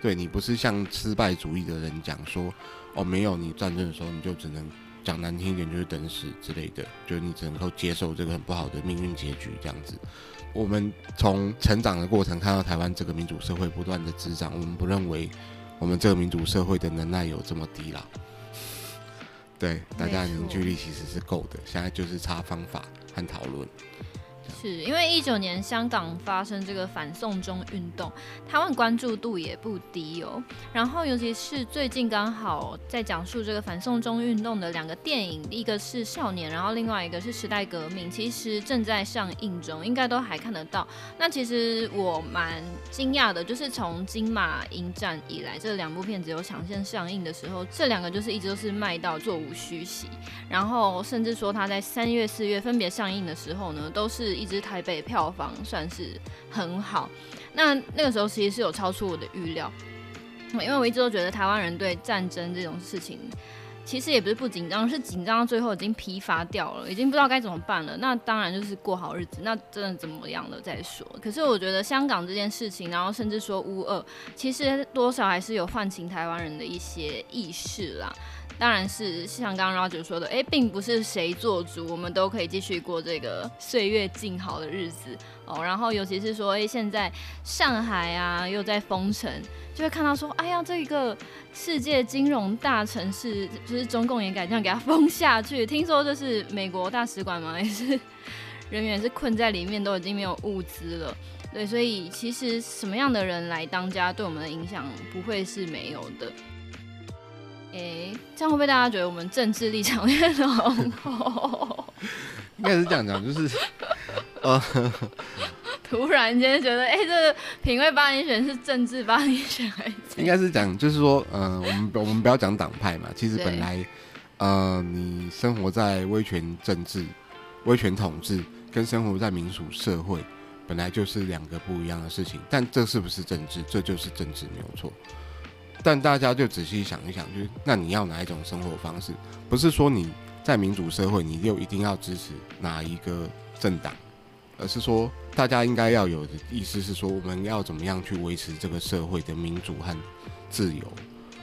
S2: 對，你不是像失敗主義的人講說，哦，沒有你戰爭的時候，你就只能講難聽一點，就是等死之類的，就是你只能夠接受這個很不好的命運結局這樣子。我們從成長的過程看到台灣這個民主社會不斷的滋長，我們不認為我們這個民主社會的能耐有這麼低啦。對，大家凝聚力其實是夠的，沒錯。現在就是差方法和討論。
S3: 是因為一九年香港發生這個反送中運動，他們關注度也不低哦、喔。然後尤其是最近剛好在講述這個反送中運動的兩個電影，一個是《少年》，然後另外一個是《時代革命》，其實正在上映中，應該都還看得到。那其實我蠻驚訝的，就是從金馬影展以來，這兩部片子有搶先上映的時候，這兩個就是一直都是賣到座無虛席。然後甚至說他在三月、四月分別上映的時候呢，都是一直。其實台北票房算是很好，那那個時候其實是有超出我的預料，因為我一直都覺得台灣人對戰爭這種事情，其實也不是不緊張，是緊張到最後已經疲乏掉了，已經不知道該怎麼辦了。那當然就是過好日子，那真的怎麼樣了再說。可是我覺得香港這件事情，然後甚至說烏俄，其實多少還是有喚醒台灣人的一些意識啦。當然是像剛剛 Roger 說的，哎，並不是誰做主，我們都可以繼續過這個歲月靜好的日子哦。然後尤其是說，哎，現在上海啊又在封城，就會看到說，哎呀，這一個世界金融大城市，就是中共也敢這樣給它封下去。聽說這是美國大使館嗎？也是人員是困在裡面，都已經沒有物資了。對，所以其實什麼樣的人來當家，對我們的影響不會是沒有的。哎、欸，這樣會不會大家覺得我們政治立場有點好？
S2: [LAUGHS] 應該是這樣講，就是、 [LAUGHS] 呃、
S3: 突然間覺得，哎、欸，這個品味八連選是政治八連選還
S2: 是？應該是講，就是說，嗯、呃，我們我們不要講黨派嘛。其實本來，對呃，你生活在威權政治、威權統治，跟生活在民主社會，本來就是兩個不一樣的事情。但這是不是政治？這就是政治，沒有錯。但大家就仔細想一想，就是那你要哪一種生活方式？不是說你在民主社會，你就一定要支持哪一個政黨，而是說大家應該要有的意思是說，我們要怎麼樣去維持這個社會的民主和自由？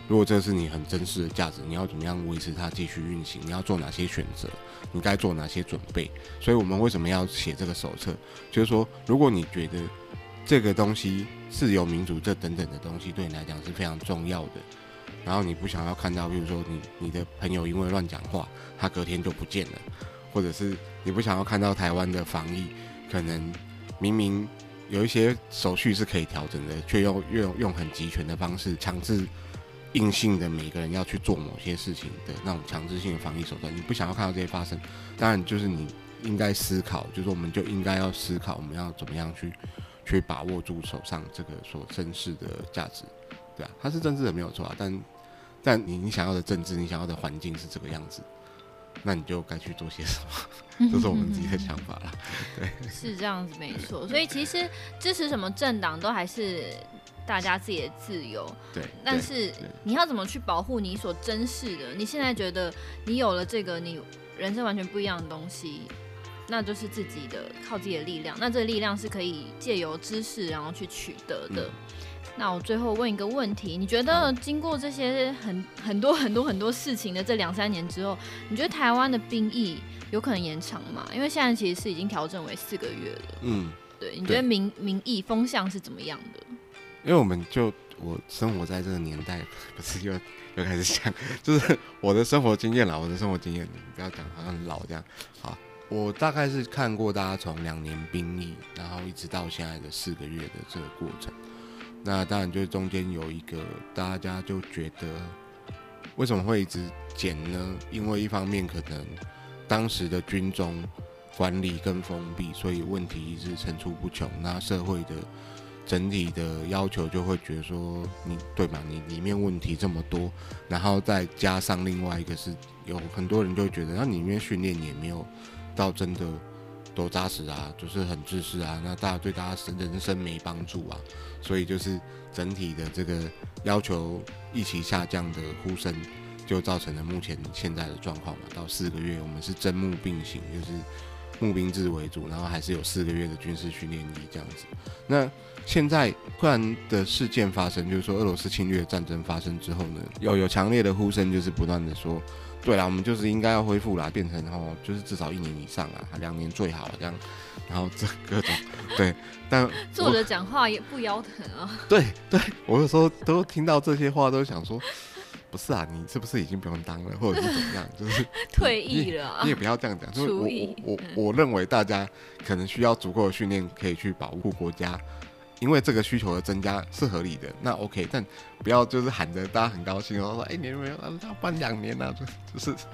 S2: 如果這是你很真實的價值，你要怎麼樣維持它繼續運行？你要做哪些選擇？你該做哪些準備？所以，我們為什麼要寫這個手冊？就是說，如果你覺得這個東西，自由、民主這等等的東西對你來講是非常重要的。然後你不想要看到，比如說你你的朋友因為亂講話，他隔天就不見了，或者是你不想要看到台灣的防疫，可能明明有一些手續是可以調整的，卻又用用很集權的方式強制硬性的每個人要去做某些事情的那種強制性的防疫手段，你不想要看到這些發生。當然，就是你應該思考，就是我們就應該要思考，我們要怎麼樣去。去把握住手上這個所珍視的價值，對啊，它是珍視的沒有錯啊，但但你你想要的政治，你想要的環境是這個樣子，那你就該去做些什麼？這、嗯、 [LAUGHS] 是我們自己的想法了。對，是這
S3: 樣子沒錯。所以其實支持什麼政黨都還是大家自己的自由。對，
S2: 對對，但是
S3: 你要怎麼去保護你所珍視的？你現在覺得你有了這個，你人生完全不一樣的東西。那就是自己的，靠自己的力量。那這個力量是可以借由知識，然後去取得的。嗯、那我最後問一個問題，你覺得經過這些很很多很多很多事情的這兩三年之後，你覺得台灣的兵役有可能延長嗎？因為現在其實是已經調整為四個月
S2: 了。嗯，對。你覺得民
S3: 民意風向是怎麼樣的？
S2: 因為我們就我生活在這個年代，不是又又開始想， [LAUGHS] 就是我的生活經驗啦，我的生活經驗，你不要講好像很老這樣，好。我大概是看過大家從兩年兵役，然後一直到現在的四個月的這個過程。那當然就是中間有一個大家就覺得，為什麼會一直減呢？因為一方面可能當時的軍中管理跟封閉，所以問題一直層出不窮。那社會的整體的要求就會覺得說，你，對吧？你裡面問題這麼多，然後再加上另外一個是有很多人就會覺得，那裡面訓練也沒有。到真的多扎實啊，就是很自私啊，那大家對大家人生沒幫助啊，所以就是整體的這個要求役期下降的呼聲，就造成了目前現在的狀況嘛。到四個月，我們是徵募並行，就是募兵制為主，然後還是有四個月的軍事訓練役這樣子。那現在忽然的事件發生，就是說俄羅斯侵略戰爭發生之後呢，有有強烈的呼聲，就是不斷的說。對啦，我們就是應該要恢復啦，變成吼，就是至少一年以上啦，兩年最好了這樣，然後整個的對，但坐着
S3: 講話也不腰疼啊、喔。對對，
S2: 我有時候都聽到這些話，都想說，不是啊，你是不是已經不用當了，或者是怎麼樣，呃、就是退役了。你也不要這樣講，就意我我我，我認為大家可能需要足夠的訓練，可以去保護國家。因為這個需求的增加是合理的，那 OK，但不要就是喊着大家很高興，哦，然後說哎、欸，你有沒有，要辦兩年呢、啊，就是，就是，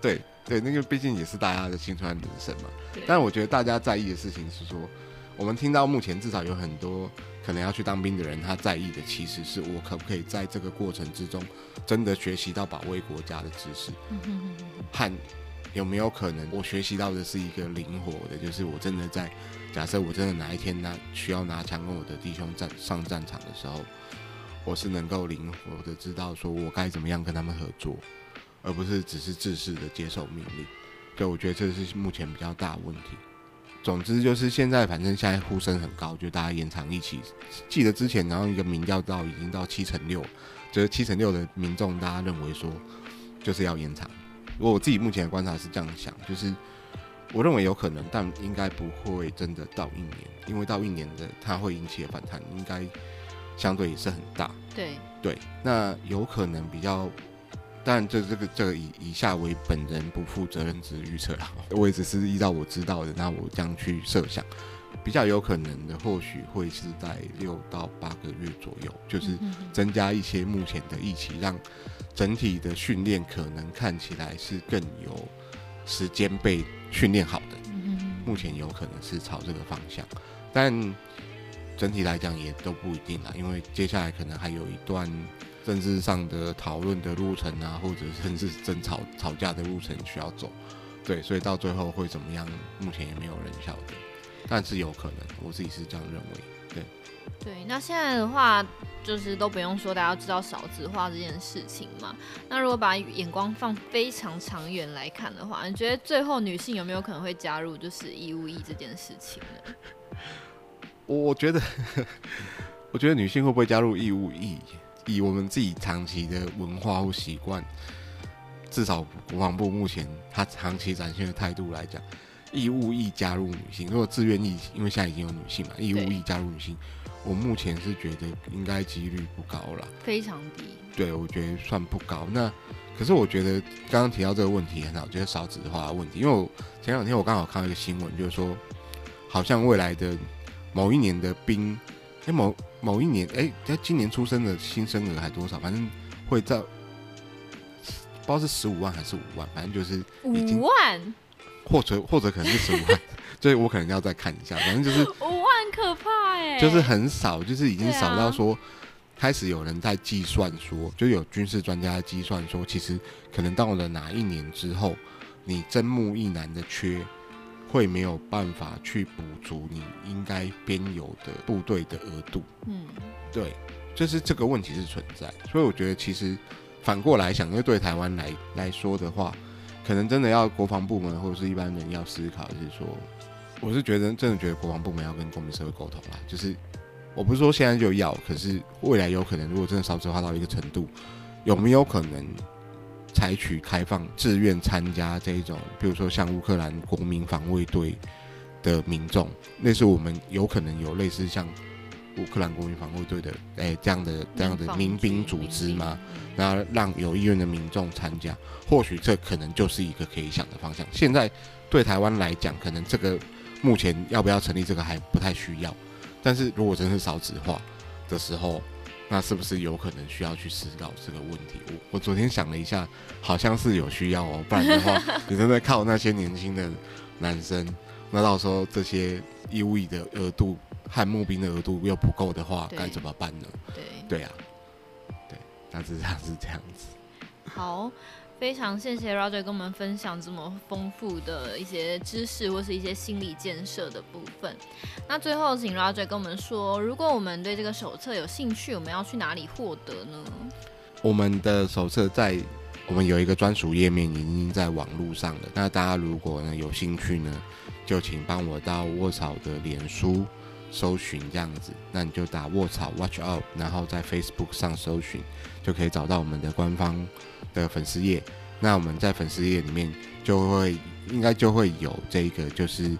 S2: 對對，那個畢竟也是大家的青春人生嘛。對但我覺得大家在意的事情是說，我們聽到目前至少有很多可能要去當兵的人，他在意的其實是我可不可以在這個過程之中真的學習到保衛國家的知識，嗯、哼哼，和有沒有可能我學習到的是一個靈活的，就是我真的在。假設我真的哪一天拿需要拿槍跟我的弟兄戰上戰場的時候，我是能夠靈活的知道說我該怎麼樣跟他們合作，而不是只是制式的接受命令。對我覺得這是目前比較大的問題。總之就是現在反正現在呼聲很高，就大家延長一起，記得之前然後一個民調到已經到七成六，就是七成六的民眾大家認為說就是要延長。如果我自己目前的觀察是這樣想，就是。我認為有可能，但應該不會真的到一年，因為到一年的它會引起的反彈，應該相對也是很大。對，對，那有可能比較，但這這個這個以以下為本人不負責任之預測啦，我也只是依照我知道的，那我這樣去設想，比較有可能的或許會是在六到八個月左右，就是增加一些目前的役期，讓整體的訓練可能看起來是更有時間被訓練好的，目前有可能是朝這個方向，但整體來講也都不一定啦，因為接下來可能還有一段政治上的討論的路程啊，或者甚至爭吵、吵架的路程需要走，對，所以到最後會怎麼樣，目前也沒有人曉得，但是有可能，我自己是這樣認為。
S3: 對，那現在的話，就是都不用說，大家知道少子化這件事情嘛。那如果把眼光放非常長遠來看的話，你覺得最後女性有沒有可能會加入就是義務役這件事情呢？
S2: 我我覺得，我覺得女性會不會加入義務役，以我們自己長期的文化或習慣，至少國防部目前他長期展現的態度來講。義務役加入女性，如果自願役，因為現在已經有女性嘛，義務役加入女性，對我目前是覺得應該幾率不高啦，
S3: 非常低。
S2: 對，我覺得算不高。那可是我覺得剛剛提到這個問題，很好，就是少子化的問題。因為我前兩天我剛好看到一個新聞，就是說好像未來的某一年的兵，哎、欸，某某一年，哎、欸，今年出生的新生兒還多少，反正會在，不知道是十五萬還是五萬，反正就是五萬。或者或者可能是十五萬， [LAUGHS] 所以我可能要再看一下。反正就
S3: 是五萬可怕哎、欸，就
S2: 是很少，就是已經少到說、啊、開始有人在計算說，就有軍事專家在計算說，其實可能到了哪一年之後，你徵募一男的缺會沒有辦法去補足你應該編有的部隊的額度。嗯，對，就是這個問題是存在的，所以我覺得其實反過來想，因為對台灣來來說的話。可能真的要國防部門或者是一般人要思考，是說，我是覺得真的覺得國防部門要跟公民社會溝通啦。就是我不是說現在就要，可是未來有可能，如果真的少子化到一個程度，有沒有可能採取開放、自願參加這一種？比如說像烏克蘭國民防衛隊的民眾，那時候我們有可能有類似像烏克蘭國民防衛隊的，誒、欸、這樣的這樣的民兵組織嗎？然後讓有意願的民眾參加，或許這可能就是一個可以想的方向。現在對台灣來講，可能這個目前要不要成立這個還不太需要。但是如果真是少子化的時候，那是不是有可能需要去思考這個問題？我我昨天想了一下，好像是有需要哦。不然的話， [LAUGHS] 你真的靠那些年輕的男生，那到時候這些義務役的額度和募兵的額度又不夠的話，該對怎麼辦呢？對，對啊。大致上是這樣子。
S3: 好，非常謝謝 Roger 跟我們分享這麼豐富的一些知識，或是一些心理建設的部分。那最後，請 Roger 跟我們說，如果我們對這個手冊有興趣，我們要去哪裡獲得呢？
S2: 我們的手冊在我們有一個專屬頁面，已經在網絡上了。那大家如果呢有興趣呢，就請幫我到沃草的臉書搜尋這樣子。那你就打沃草 watch out，然後在 Facebook 上搜尋。就可以找到我們的官方的粉絲頁，那我們在粉絲頁裡面就會應該就會有這一個，就是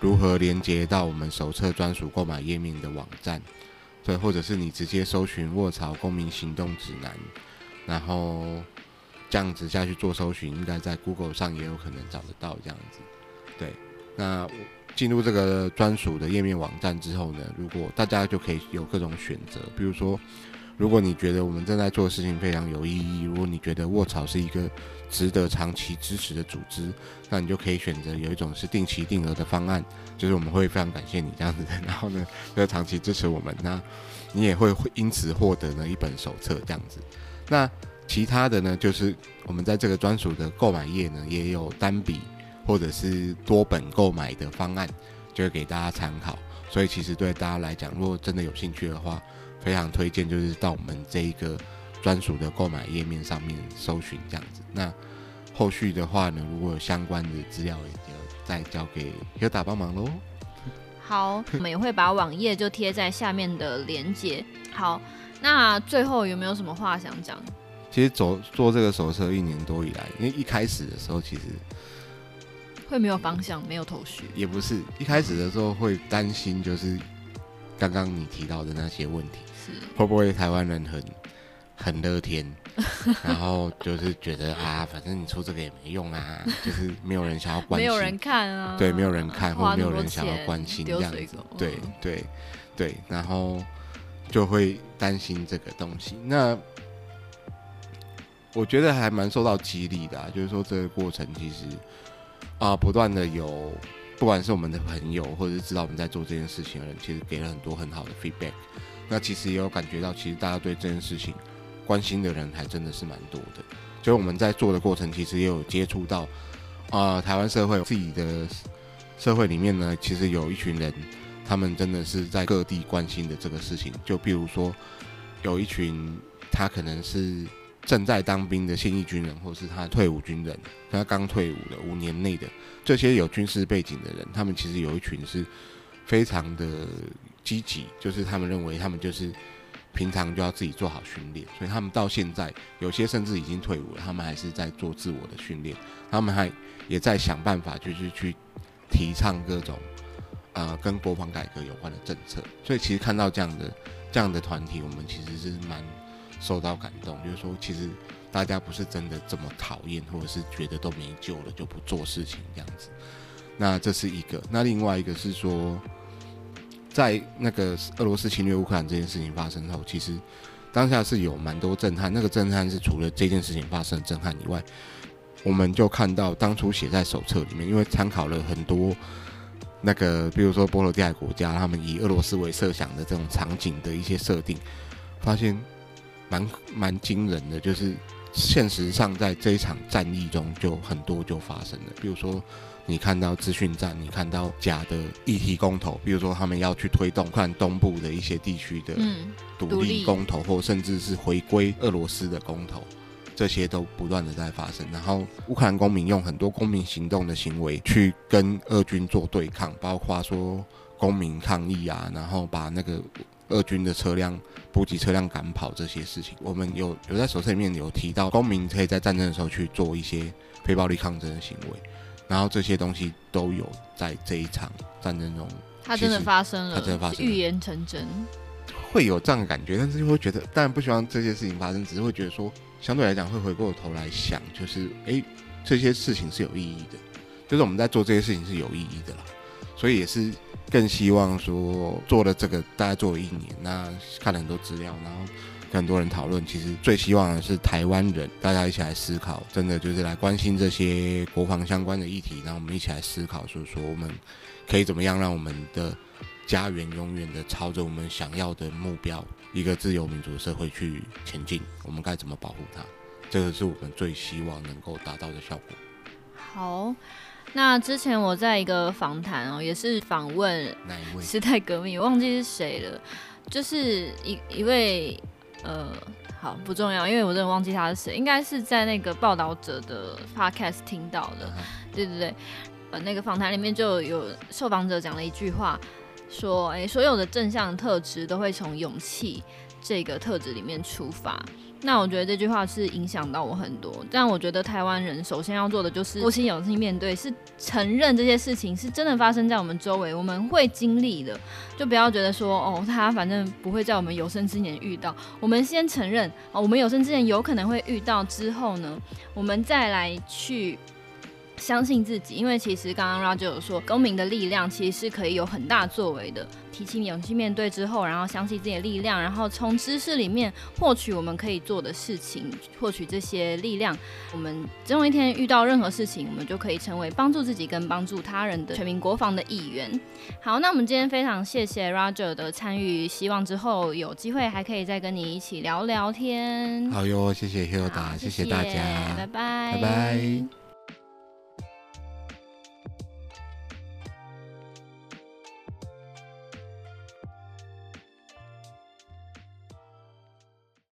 S2: 如何連接到我們手冊專屬購買頁面的網站，對，或者是你直接搜尋“沃草公民行動指南”，然後這樣子下去做搜尋，應該在 Google 上也有可能找得到這樣子。對，那進入這個專屬的頁面網站之後呢，如果大家就可以有各種選擇，比如說。如果你覺得我們正在做的事情非常有意義，如果你覺得沃草是一個值得長期支持的組織，那你就可以選擇有一種是定期定額的方案，就是我們會非常感謝你這樣子的，然後呢，就長期支持我們，那你也會因此獲得呢一本手冊這樣子。那其他的呢，就是我們在這個專屬的購買頁呢，也有單筆或者是多本購買的方案，就會給大家參考。所以其實對大家來講，如果真的有興趣的話，非常推薦，就是到我們這一個專屬的購買頁面上面搜尋這樣子。那後續的話呢，如果有相關的資料，也就再交給 Hilda 幫忙嘍。
S3: 好，我們也會把網頁就貼在下面的連接。好，那最後有沒有什麼話想講？
S2: 其實走做這個手冊一年多以來，因為一開始的時候，其實
S3: 會沒有方向，沒有頭緒，
S2: 也不是一開始的時候會擔心，就是剛剛你提到的那些問題。會不會台灣人很很樂天， [LAUGHS] 然後就是覺得啊，反正你出這個也沒用啊，就是沒有人想要關心， [LAUGHS] 沒有人看啊，對，沒有人看或沒有人想要關心這樣子對，對對對，然後就會擔心這個東西。那我覺得還蠻受到激勵的、啊，就是說這個過程其實啊、呃，不斷的有，不管是我們的朋友或者是知道我們在做這件事情的人，其實給了很多很好的 feedback。那其實也有感覺到，其實大家對這件事情關心的人還真的是蠻多的。所以我們在做的過程，其實也有接觸到啊、呃，台灣社會自己的社會裡面呢，其實有一群人，他們真的是在各地關心的這個事情。就比如說，有一群他可能是正在當兵的現役軍人，或是他退伍軍人，他剛退伍的五年內的這些有軍事背景的人，他們其實有一群是非常的。積極就是他們認為他們就是平常就要自己做好訓練，所以他們到現在有些甚至已經退伍了，他們還是在做自我的訓練，他們還也在想辦法，就是去提倡各種呃跟國防改革有關的政策。所以其實看到這樣的這樣的團體，我們其實是蠻受到感動，就是說其實大家不是真的這麼討厭，或者是覺得都沒救了就不做事情這樣子。那這是一個，那另外一個是說。在那個俄羅斯侵略烏克蘭這件事情發生後，其實當下是有蠻多震撼。那個震撼是除了這件事情發生的震撼以外，我們就看到當初寫在手冊裡面，因為參考了很多那個，比如說波羅的海國家，他們以俄羅斯為設想的這種場景的一些設定，發現蠻蠻驚人的。就是現實上在這一場戰役中，就很多就發生了，比如說。你看到資訊戰，你看到假的議題公投，比如說他們要去推動烏克蘭東部的一些地區的獨立公投，嗯、或甚至是回歸俄羅斯的公投，這些都不斷的在發生。然後烏克蘭公民用很多公民行動的行為去跟俄軍做對抗，包括說公民抗議啊，然後把那個俄軍的車輛、補給車輛趕跑這些事情。我們有有在手冊裡面有提到，公民可以在戰爭的時候去做一些非暴力抗爭的行為。然後這些東西都有在這一場戰爭中，它真的發生了，它真的發生了，預
S3: 言成真，
S2: 會有這樣的感覺，但是就會覺得，當然不希望這些事情發生，只是會覺得說，相對來講會回過頭來想，就是哎，這些事情是有意義的，就是我們在做這些事情是有意義的啦，所以也是更希望說做了這個，大概做了一年，那看了很多資料，然後。很多人討論，其實最希望的是台灣人大家一起來思考，真的就是來關心這些國防相關的議題，然後我們一起來思考是，就是說我們可以怎麼樣讓我們的家園永遠的朝着我們想要的目標，一個自由民主社會去前進，我們該怎麼保護它？這個是我們最希望能夠達到的效果。
S3: 好，那之前我在一個訪談哦，也是訪問那一位時代革命，忘記是誰了，就是一一位。呃，好，不重要，因為我真的忘記他是誰，應該是在那個報道者的 podcast 聽到的，對不對？呃，那個訪談裡面就有受訪者講了一句話，說，哎，所有的正向特質都會從勇氣這個特質裡面出發。那我覺得這句話是影響到我很多，但我覺得台灣人首先要做的就是多些勇氣面對，是承認這些事情是真的發生在我們周圍，我們會經歷的，就不要覺得說哦，他反正不會在我們有生之年遇到，我們先承認哦，我們有生之年有可能會遇到之後呢，我們再來去。相信自己，因為其實剛剛 Roger 有說，公民的力量其實是可以有很大作為的。提起勇氣面對之後，然後相信自己的力量，然後從知識裡面獲取我們可以做的事情，獲取這些力量，我們總有一天遇到任何事情，我們就可以成為幫助自己跟幫助他人的全民國防的一員。好，那我們今天非常謝謝 Roger 的參與，希望之後有機會還可以再跟你一起聊聊天。
S2: 好喲，謝謝 Hilda，謝謝大家，謝謝，拜拜，拜拜。